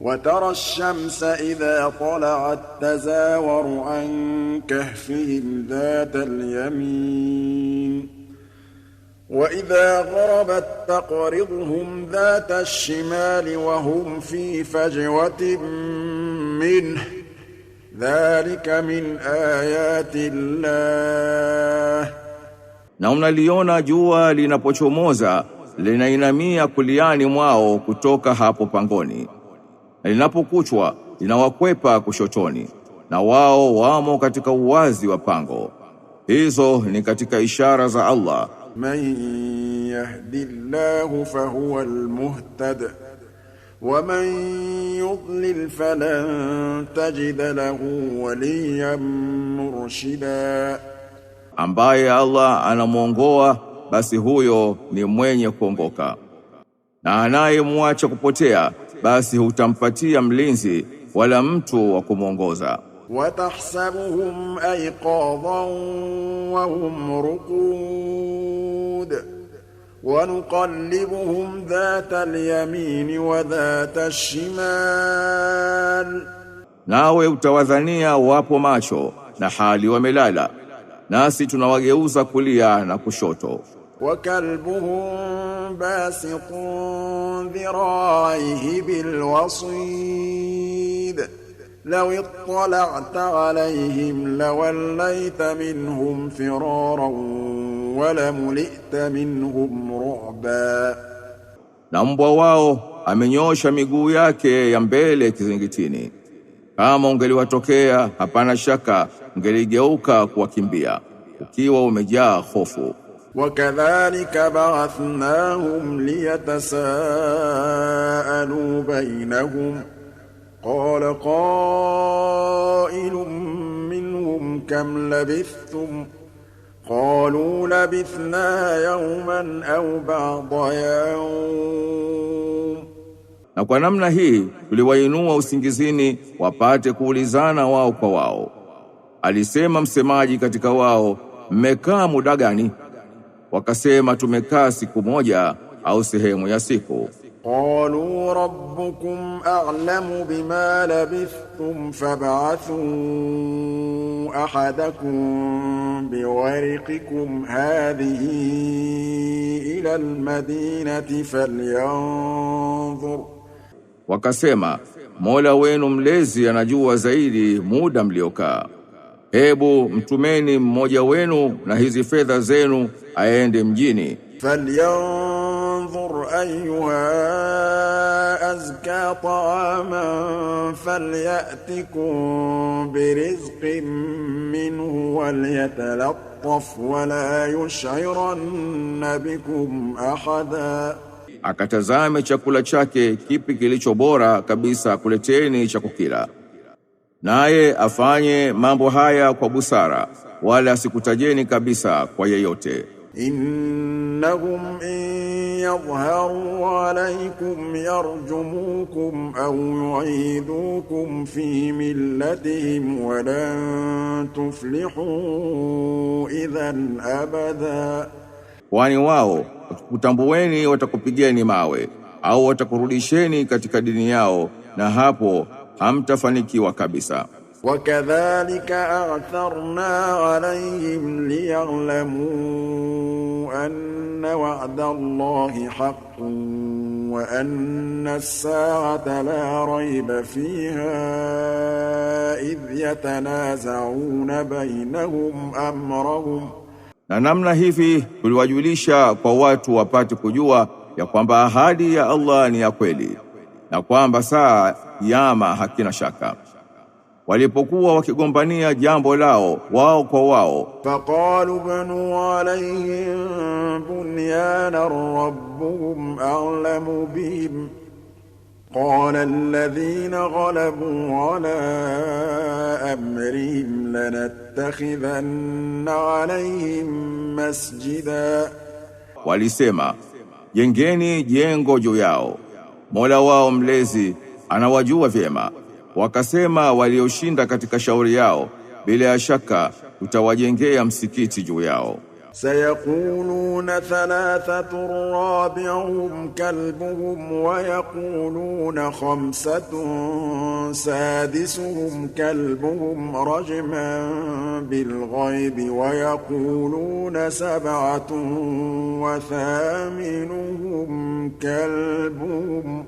وترى الشمس إذا طلعت تزاور عن كهفهم ذات اليمين وإذا غربت تقرضهم ذات الشمال وهم في فجوة منه ذلك من آيات الله ليونا جوا jua linapochomoza linainamia كلياني mwao kutoka هابو بانغوني linapokuchwa linawakwepa kushotoni, na wao wamo katika uwazi wa pango. Hizo ni katika ishara za Allah. man yahdi fa fahuwa almuhtad wa man yudlil falan tajid lahu waliyan murshida, ambaye Allah anamwongoa basi huyo ni mwenye kuongoka, na anayemwacha kupotea basi hutampatia mlinzi wala mtu wa kumwongoza. watahsabuhum ayqadan wa hum ruqud wa nuqallibuhum dhata al-yamin wa dhata ash-shimal, nawe utawadhania wapo macho na hali wamelala, nasi tunawageuza kulia na kushoto. وكلبهم باسط ذراعيه بالوصيد لو اطلعت عليهم لوليت منهم فرارا ولملئت منهم رعبا na mbwa wao amenyosha miguu yake ya mbele kizingitini kama ungeliwatokea hapana shaka ungeligeuka kuwakimbia ukiwa umejaa hofu وكذلك بعثناهم ليتساءلوا بينهم قال قائل منهم كم لبثتم قالوا لبثنا يوما au بعض yaum, na kwa namna hii tuliwainua usingizini wapate kuulizana wao kwa wao. Alisema msemaji katika wao, mmekaa muda gani? wakasema tumekaa siku moja au sehemu ya siku. Qalu rabbukum a'lamu bima labithtum fab'athu ahadakum biwariqikum hadhihi ila almadinati falyanzur, wakasema Mola wenu mlezi anajua zaidi muda mliokaa hebu mtumeni mmoja wenu na hizi fedha zenu aende mjini. falyanzur ayuha azka taaman falyatikum birizqin minhu walyatalattaf wala yushiranna bikum ahada, akatazame chakula chake kipi kilicho bora kabisa, kuleteni cha kukila naye afanye mambo haya kwa busara, wala asikutajeni kabisa kwa yeyote. Innahum in yadhharu alaykum yarjumukum au yu'idukum fi millatihim wa lan tuflihu idhan abada, kwani wao kutambueni watakupigeni mawe au watakurudisheni katika dini yao, na hapo hamtafanikiwa kabisa. Wakadhalika atharna alayhim liya'lamu anna wa'da Allahi haqqun wa anna as-sa'ata la rayba fiha idh yatanaza'una bainahum amrahum, na namna hivi tuliwajulisha kwa watu wapate kujua ya kwamba ahadi ya Allah ni ya kweli na kwamba saa yama hakina shaka. Walipokuwa wakigombania jambo lao wao kwa wao, faqalu banu alayhim bunyana rabbuhum a'lamu bihim qala alladhina ghalabu ala amrihim lanattakhidhanna alayhim masjida, walisema jengeni jengo juu yao Mola wao mlezi anawajua vyema. Wakasema walioshinda katika shauri yao, bila ya shaka tutawajengea msikiti juu yao. سيقولون ثلاثة رابعهم كلبهم ويقولون خمسة سادسهم كلبهم رجما بالغيب ويقولون سبعة وثامنهم كلبهم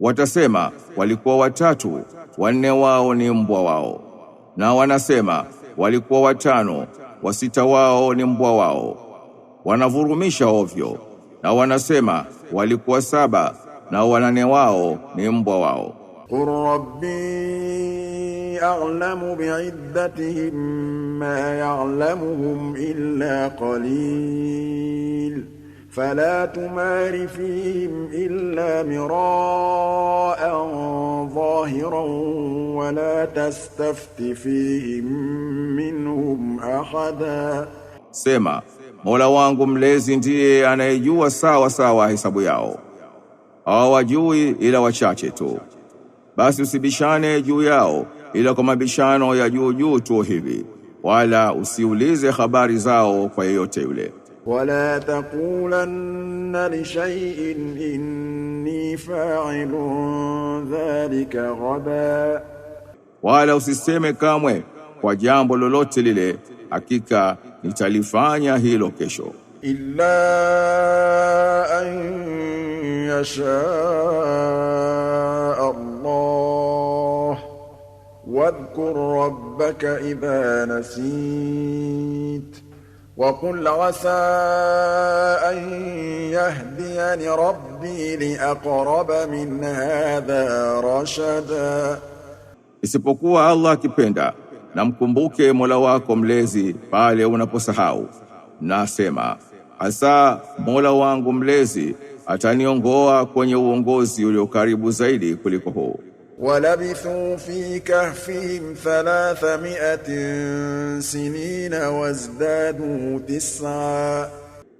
watasema walikuwa watatu wanne wao ni mbwa wao na wanasema walikuwa watano, wasita wao ni mbwa wao. Wanavurumisha ovyo na wanasema walikuwa saba na wanane wao ni mbwa wao. Qur rabbi a'lamu bi'iddatihim ma ya'lamuhum illa qalil fala tumari fihim illa mira'an zahiran ولا تستفت fihim minhum ahada, sema Mola wangu mlezi ndiye anayejua sawa sawa hesabu yao, hawajui ila wachache tu. Basi usibishane juu yao ila kwa mabishano ya juu juu tu hivi, wala usiulize habari zao kwa yeyote yule. wala taqulanna li shay'in inni fa'ilun dhalika ghada wala usiseme kamwe kwa jambo lolote lile, hakika nitalifanya hilo kesho. illa an yasha Allah wadhkur rabbaka idha nasit وقل عسى أن يهديني ربي لأقرب من هذا رشداً isipokuwa Allah akipenda, na mkumbuke Mola wako mlezi pale unaposahau. Nasema hasa Mola wangu mlezi ataniongoa kwenye uongozi ulio karibu zaidi kuliko huu. walabithu fi kahfihim thalatha miatin sinina wazdadu tisa,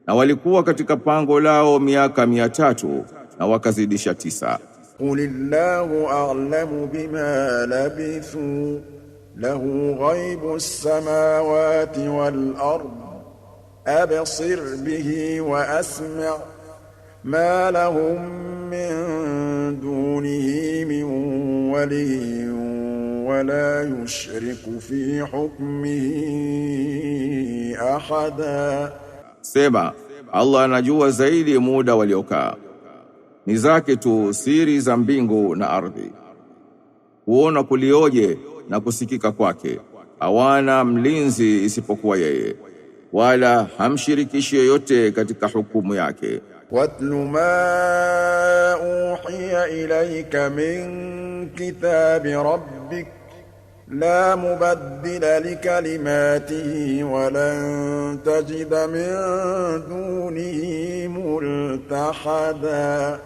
na walikuwa katika pango lao miaka mia tatu na wakazidisha tisa. قل الله أعلم بما لبثوا له غيب السماوات والأرض أبصر به وأسمع ما لهم من دونه من ولي ولا يشرك في حكمه أحدا سيبا الله نجوى زيدي مودا waliokaa ni zake tu siri za mbingu na ardhi. kuona kulioje na kusikika kwake, hawana mlinzi isipokuwa yeye, wala hamshirikishi yoyote katika hukumu yake. watlu ma uhiya ilayka min kitabi rabbik la mubaddila likalimatihi walan tajida min dunihi multahada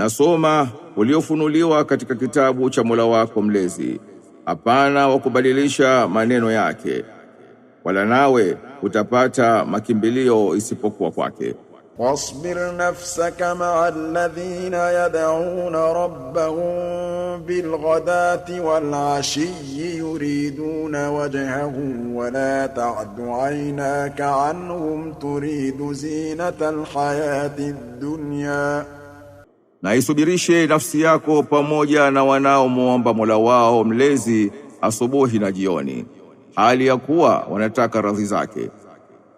na soma uliofunuliwa katika kitabu cha Mola wako mlezi, hapana wa kubadilisha maneno yake, wala nawe utapata makimbilio isipokuwa kwake. wasbir nafsaka maa alladhina yad'una rabbahum bilghadati walashiyyi yuriduna wajhahu wala ta'du aynaka anhum turidu zinata alhayati ad-dunya na isubirishe nafsi yako pamoja na wanaomwomba Mola wao mlezi asubuhi na jioni, hali ya kuwa wanataka radhi zake,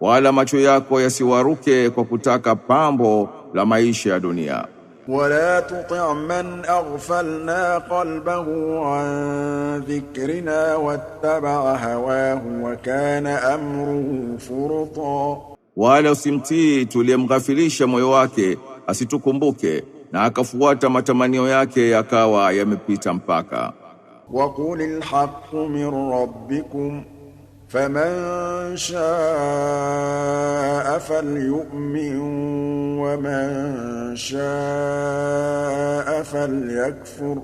wala macho yako yasiwaruke kwa kutaka pambo la maisha ya dunia. wala tuti' man aghfalna qalbahu an dhikrina wattaba'a hawahu wa kana amruhu furta, wala usimtii tuliyemghafilisha moyo wake asitukumbuke na akafuata matamanio yake yakawa yamepita mpaka. Waqulil haqqu min rabbikum faman shaa falyu'min waman shaa falyakfur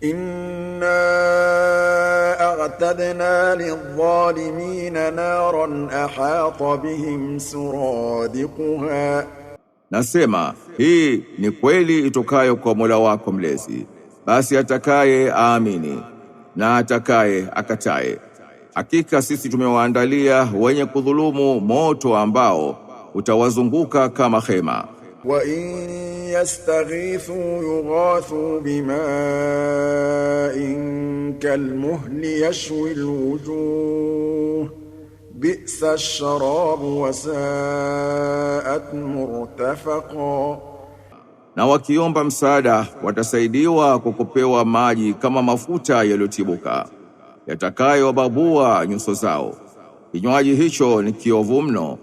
إنا أعتدنا للظالمين نارا أحاط بهم سرادقها Nasema hii ni kweli itokayo kwa Mola wako mlezi. Basi atakaye aamini na atakaye akataye, hakika sisi tumewaandalia wenye kudhulumu moto ambao utawazunguka kama hema. wa in yastaghithu yughathu in kalmuhli yashwi alwujuh بئس الشراب wasaat murtafaqa, na wakiomba msaada watasaidiwa kwa kupewa maji kama mafuta yaliyotibuka yatakayobabua nyuso zao. Kinywaji hicho ni kiovu mno,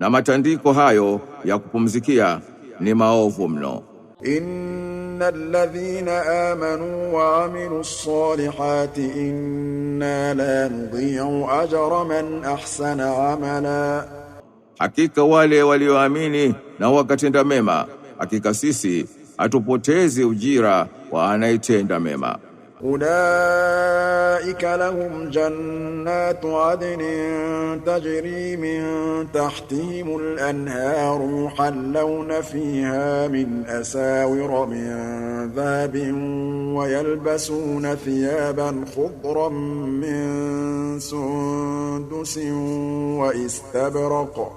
na matandiko hayo ya kupumzikia ni maovu mno. Innal ladhina amanu wa amilus salihati inna la nudhi'u ajra man ahsana amala, hakika wale walioamini na wakatenda mema, hakika sisi hatupotezi ujira wa anayetenda mema. أولئك لهم جنات عدن تجري من تحتهم الأنهار يحلون فيها من أساور من ذهب ويلبسون ثيابا خضرا من سندس واستبرق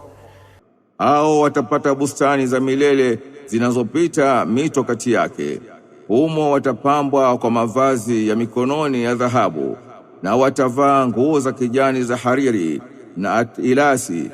أو watapata bustani za milele zinazopita humo watapambwa kwa mavazi ya mikononi ya dhahabu, na watavaa nguo za kijani za hariri na atilasi